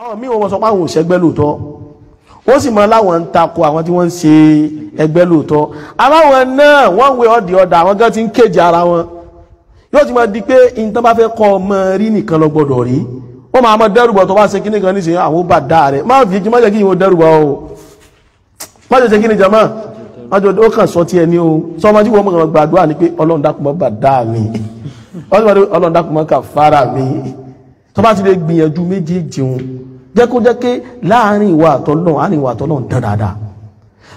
àwọn míì wọ́n sọ pé àwọn ò ṣẹgbẹ́ lóòótọ́ wọ́n sì máa láwọn ń takò àwọn tí wọ́n ń ṣe ẹgbẹ́ lóòótọ́ aláwọn náà wọ́n wé ọ̀dì ọ̀dà àwọn gan ti ń kéje ara wọn yóò ti máa di pé nǹkan bá fẹ́ kọ́ ọmọ rí nìkan lọ gbọ́dọ̀ rí wọ́n máa mọ dẹ́rùbọ̀ tó bá ṣe kíní kan níṣẹ́ àwọn bá dá rẹ̀ má fi kí má jẹ́ kí ìwọ dẹ́rùbọ̀ o má jẹ́ kíní jama o sọ ma dá mi ọlọ́run dákun mi tó bá ti lè gbìyànjú méjèèjì òun jẹ́ kó jẹ́ pé láàrin ìwà àtọ́lọ́ àárín ìwà àtọ́lọ́ dán dáadáa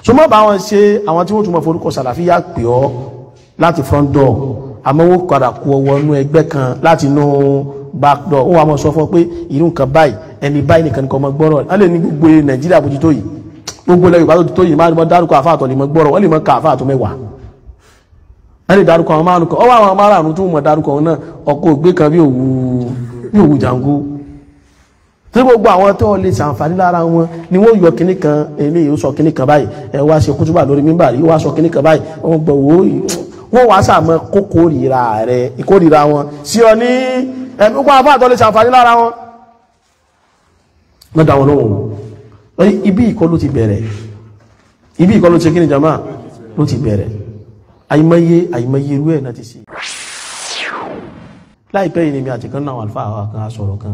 so mọ́ bá wọn ṣe àwọn tí wọ́n tún mọ̀ forúkọ sàlàfíà pè ọ́ láti front door àmọ́ wọ́n padà kú ọwọ́ inú ẹgbẹ́ kan láti inú back door ó wà mọ́ sọ fún ọ pé irú nǹkan báyìí ẹni báyìí nìkan nìkan mọ́ gbọ́rọ̀ á lè ní gbogbo nàìjíríà bójútó yìí gbogbo ilẹ̀ yorùbá tó ti tó yìí máa dárúkọ àfáàtọ̀ lè mọ́ gbọ́rọ̀ wọ́n lè mọ́ ka àfáàtọ̀ mẹ́wàá á dárúkọ àwọn márùn kan ọwọ́ àwọn márùn tó mọ̀ dárúkọ náà ọkọ̀ ògbé kan bí òwú ní òwú jàǹgó tí gbogbo àwọn tó lè ṣàǹfààní lára wọn ni wọ́n yọ kíní kan èmi yóò sọ kíní kan báyìí ẹ wá ṣe kútúbà lórí mímbà rí wá sọ kíní kan báyìí wọ́n gbọ́ wò ó wọ́n wá sàmọ́ kókòrìra rẹ̀ ìkórìra wọn sí ọ ní ẹ̀mí kó afá àtọ́ lè ṣàǹfààní lára wọn. lọ́dà wọn lọ́wọ́ ibi ìkọ́ ló ti bẹ̀rẹ̀ ibi ìkọ́ ló ti kíni jama ló ti bẹ̀rẹ̀ àìmọye àìmọye irú ẹ̀ náà ti ṣe láìpẹ́ yìí ni mi àti kan náà àlfáà kan sọ̀rọ̀ kan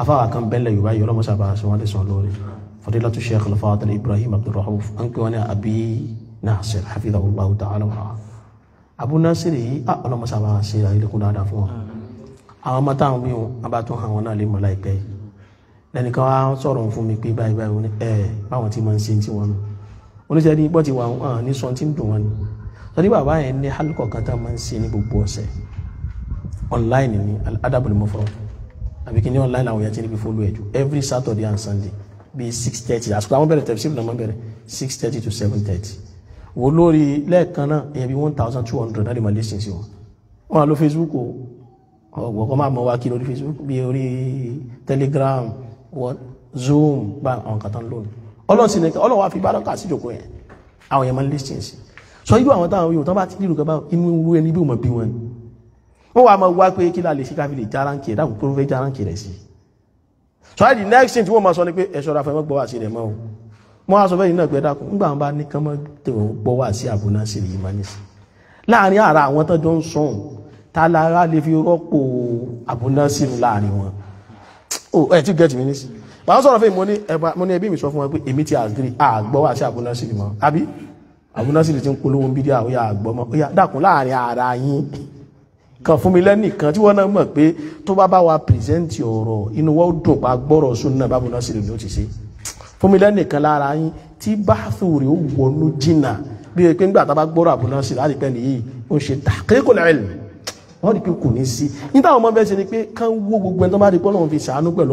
afáà kan bẹ́lẹ̀ yorùbá yìí ọlọ́mọṣà bá aṣọ wọn lè sàn lórí fadilatu sheikh alfaadar ibrahim abdulrahuf an kí wọn ní abi nasir hafidhahullahu ta'ala wa abu nasir yìí a ọlọ́mọṣà bá ṣe ayélujára dáadáa fún wọn àwọn ọmọ táwọn wíwọn abátún hàn wọn náà lè mọ láìpẹ́ yìí online ni adabul mufrad àbí kí ni online àwọn yẹn ti níbi fólú ẹ̀jú every saturday and sunday bíi six thirty àsìkò àwọn bẹ̀rẹ̀ tẹ̀síìlì náà wọ́n bẹ̀rẹ̀ six thirty to seven thirty wò lórí lẹ́ẹ̀kan náà ìyẹn bíi one thousand two hundred náà lè máa listen sí wọn wọn àlọ́ facebook o ọ̀gbọ̀n kan máa mọ wá kí lórí facebook bíi orí telegram wọ́n zoom bá àwọn kan tán lónìí ọlọ́sì ni ọlọ́wọ́ àfi bá lọ́kà síjòkó yẹn àwọn yẹn máa listen sí sọ ibú àwọn táwọn yòó tán bá ti nílùú kan bá inú ewu ẹni bí òmò bí wọn ni wọ́n wá máa wá pé kí la lè ṣe káfí lè járánkì ẹ̀dá kò kúrò fẹ́ járánkì rẹ̀ sí so the next thing tí wọ́n máa sọ ni pé ẹ̀ṣọ́ ra fẹ́ mọ́ gbọ́ sí rẹ̀ mọ́ o mọ́ wá sọ fẹ́ yìí náà pé dákun nígbà wọn bá ní kán mọ́ tó gbọ́ wá sí Abu Nasir yìí máa ní sí láàrin ara àwọn tó jọ ń sùn ta lára lè fi rọ́pò Abu Nasir láàrin wọn o ẹ ti get mi ní sí màá sọ̀rọ̀ fún mi mo ní ẹbí mi sọ fún wọn pé èmi ti agree àgbọ́ wá sí Abu Nasir mọ́ àbí Abu Nasir ti ń polówó ń bí dí àwọn àgbọ́ mọ́ ó láàrin ara yín kan fún mi lẹ́nìkan tí wọ́n náà mọ̀ pé tó bá bá wa pìrìsẹ́ǹtì ọ̀rọ̀ inú wọn ó dùn pa gbọ́rọ̀ sunna bábu náà sì lè ní ó ti ṣe fún mi lẹ́nìkan lára yín tí báàfù rẹ̀ ó wọnú jìnnà bí ẹ pé ńgbà tá a bá gbọ́rọ̀ àbúrò náà sì láti pẹ́ nìyí ó ń ṣe tahqiqul ilm wọ́n rí i pé kò ní sí ní táwọn ọmọ bẹ́ẹ̀ ṣe ni pé kán wó gbogbo ẹni tó bá rí i pé fi ṣàánú pẹ̀lú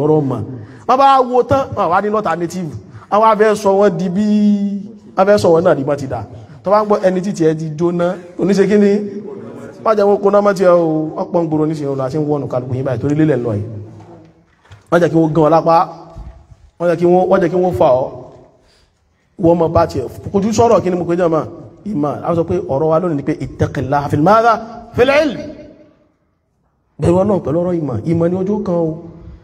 ọ̀rọ̀ má jẹ́ wọn kóná mọ́tí ọ̀pọ̀ ń gbòrò ní ṣẹ̀rọ àti wọnù kálukú yín báyìí torí lélẹ̀ lọ yìí wọ́n jẹ́ kí wọ́n gan ọ lápá wọ́n jẹ́ kí wọ́n fà ọ́ wọ́n mọ̀ bá tiẹ̀ kojú sọ̀rọ̀ kí ni mo pè jẹ́ mọ́ ìmọ̀ a sọ pé ọ̀rọ̀ wa lónìí ni pé ìtẹ́kìlá fil madha fil ilm bẹ̀rù náà pẹ̀lú ọ̀rọ̀ ìmọ̀ ìmọ̀ ni ọjọ́ kan o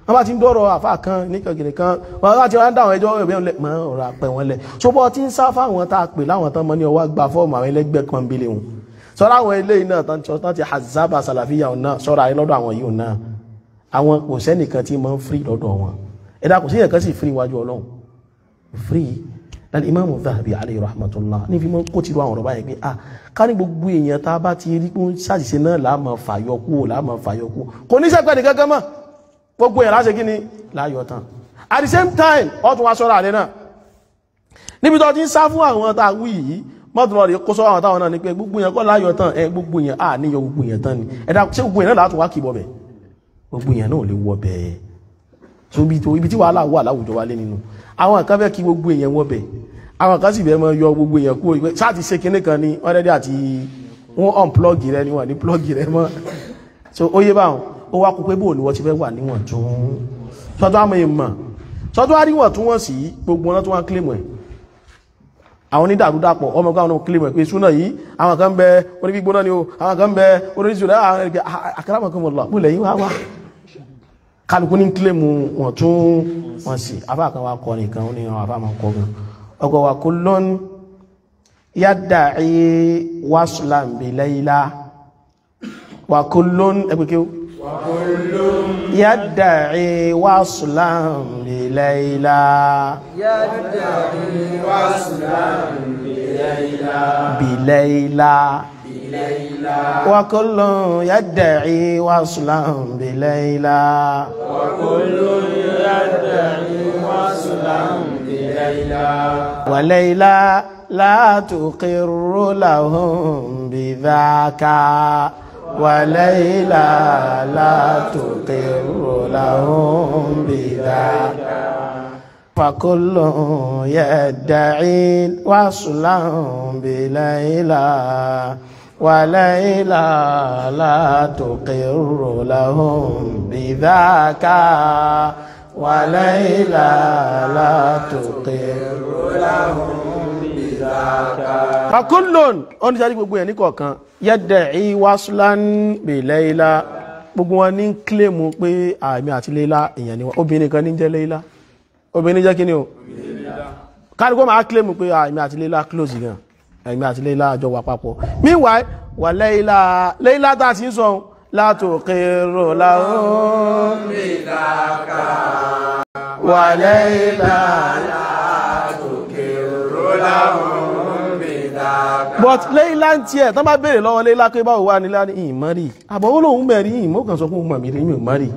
wọ́n bá ti ń dọ́rọ̀ àfà kan níkàgìrì kan wọ́n bá ti ń dáwọn ẹjọ́ ẹ̀bẹ̀ ńlẹ̀ mọ́ ọ̀rọ̀ àpẹ̀ wọn lẹ̀ so ti ń sá fáwọn tá a pè láwọn tán mọ́ ní ọwọ́ gba fọ́ọ̀mù àwọn ẹlẹ́gbẹ́ kan bílẹ̀ wọn sọ́ra àwọn eléyìí náà tán ti hazaba salafiya ọ̀nà sọ́ra ayé lọ́dọ̀ àwọn yìí ọ̀nà àwọn kò sẹ́nìkan tí máa ń firi lọ́dọ̀ wọn ẹ̀dá kò sí ẹ̀kan sì firi wájú ọlọ́run firi láti imáàmù Dhahabi alayhi rahmatullah ní fi máa ń kó tìrú àwọn ọ̀rọ̀ báyìí pé ah ká ní gbogbo èèyàn tá a bá ti rí pé ń ṣàṣìṣe náà láàmà fàyọkú láàmà fàyọkú kò ní sẹ́pẹ́ nìkan kan mọ́ gbogbo èèyàn láṣẹ kí ni láyọ̀ tán at the same time ọ̀tún wa sọ́ra àlẹ́ náà níbi tó ti ń sá fún àwọn tá mọ́tùmọ́ rí kó sọ àwọn táwọn náà ní pé gbogbo yẹn kọ́ láyọ̀ tán ẹ gbogbo yẹn à níyọ gbogbo yẹn tán ni ẹ̀dá ṣé gbogbo yẹn náà látò wá kìbọ̀ bẹ̀ gbogbo yẹn náà lè wọ bẹ́ẹ̀ so ibi tí wàhálà wà láwùjọ wa lé nínú àwọn kan fẹ́ kí gbogbo yẹn wọ bẹ̀ àwọn kan sì fẹ́ mọ yọ gbogbo yẹn kúrò ìpè sáà ti ṣe kinní kan ni wọ́n rẹ́dí àti wọ́n unplug rẹ ni wọ́n ní plug rẹ mọ́ so ó yé báwọn ó wá kó pé bóòlù wọ́n ti fẹ́ wà níwọ̀n tún sọdọ́ àmọ́ àwọn onídàrúdàpọ̀ ọmọ ọgbà ọ̀nà kílìmọ̀ pé súnà yìí àwọn kan bẹ onígbígbóná ni o àwọn kan bẹ oníṣùdá àwọn ẹgbẹ́ àkàràmọ̀kànmọ̀lá ah, ah, múlẹ̀ yìí wá wá kálukú ní kílìmù wọ̀n tún wọ́n sì afá kan wá kọ nìkan ní àwọn afá máa kọ gan ọgọ wa kó lọ́n yádà ẹ̀ wá sùlàm bí láyìlá wa kó lọ́n ẹgbẹ́ kéwọ́ يدعي وصلا بليلى يدعي وصلا بليلى بليلى وكل يدعي وصلا بليلى وكل يدعي وصلا بليلى وليلى لا تقر لهم بذاك وليلى لا تقر لهم بذاك فكل يدعي وصلهم بليلى وليلى لا تقر لهم بذاك وليلى لا تقر لهم بذاك فكل oníṣàdí gbogbo ẹ̀ ní kọ̀ọ̀kan yadda'i waslan bi Layla gbogbo wọn ní kílèmù pé àmì àti Layla èèyàn ni wọn obìnrin kan ní jẹ́ Layla obìnrin jẹ́ kí ni o kárìkó máa kílèmù pé àmì àti Layla close gan àmì àti Layla àjọ wà papọ̀ meanwhile wà Layla Layla tá a ti ń sọ látòkèrò làwọn mi làkà wà Layla látòkèrò làwọn but léyìnlá ń tiẹ̀ tán bá béèrè lọ́wọ́ léyìnlá pé báwo wà nílá ní ìmọ̀rì àbọ̀ ó lóun mẹ́rin ìmọ̀ kan sọ fún mọ̀mí lè yín ìmọ̀rì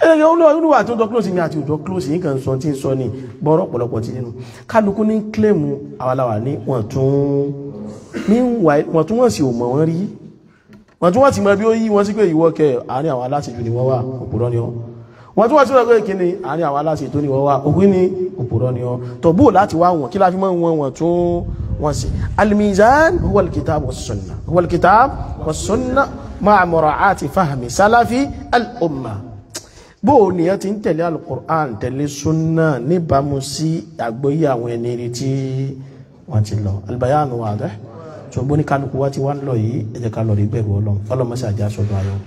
ẹ̀rẹ̀ olúwa tí ó jọ close ní àti òjò close yìí kan sọ tí ń sọ ní bọ́rọ̀ pọ̀lọpọ̀ ti nínú kálukú ní kílèmù àwàláwà ní wọ́n tún wọ́n sì ò mọ̀ wọ́n rí wọ́n tún wọ́n ti mọ̀ bí ó yí wọ́n sí pé ìwọ kẹ àárín àwọn aláṣejù ni wọ́n wà òpùrọ́ ni ọ́ wọ́n tún wọ́n sí pé kí ni àárín àwọn aláṣejù tó ni wọ́n wà òpin ni òpùrọ́ ni ọ́ tọ̀bú láti wá wọn kí láfi mọ́ wọn wọ́n tún wọ́n sí almizan huwal kitab was sunna huwal kitab was sunna ma'a mura'ati fahmi salafi al'umma bó o nìyẹn ti ń tẹ̀lé alukur'an tẹ̀lé sunna níbàámu sí àgbóyé àwọn ẹni rí tí wọ́n ti lọ albayanu wa dẹ́ ṣùgbọ́n ní kálukú wa ti wá ń lọ yìí ẹ ká lọ rí bẹ́ẹ̀ wọ́n lọ ọlọ́mọṣẹ́ àjàsọ́dún ayọ̀.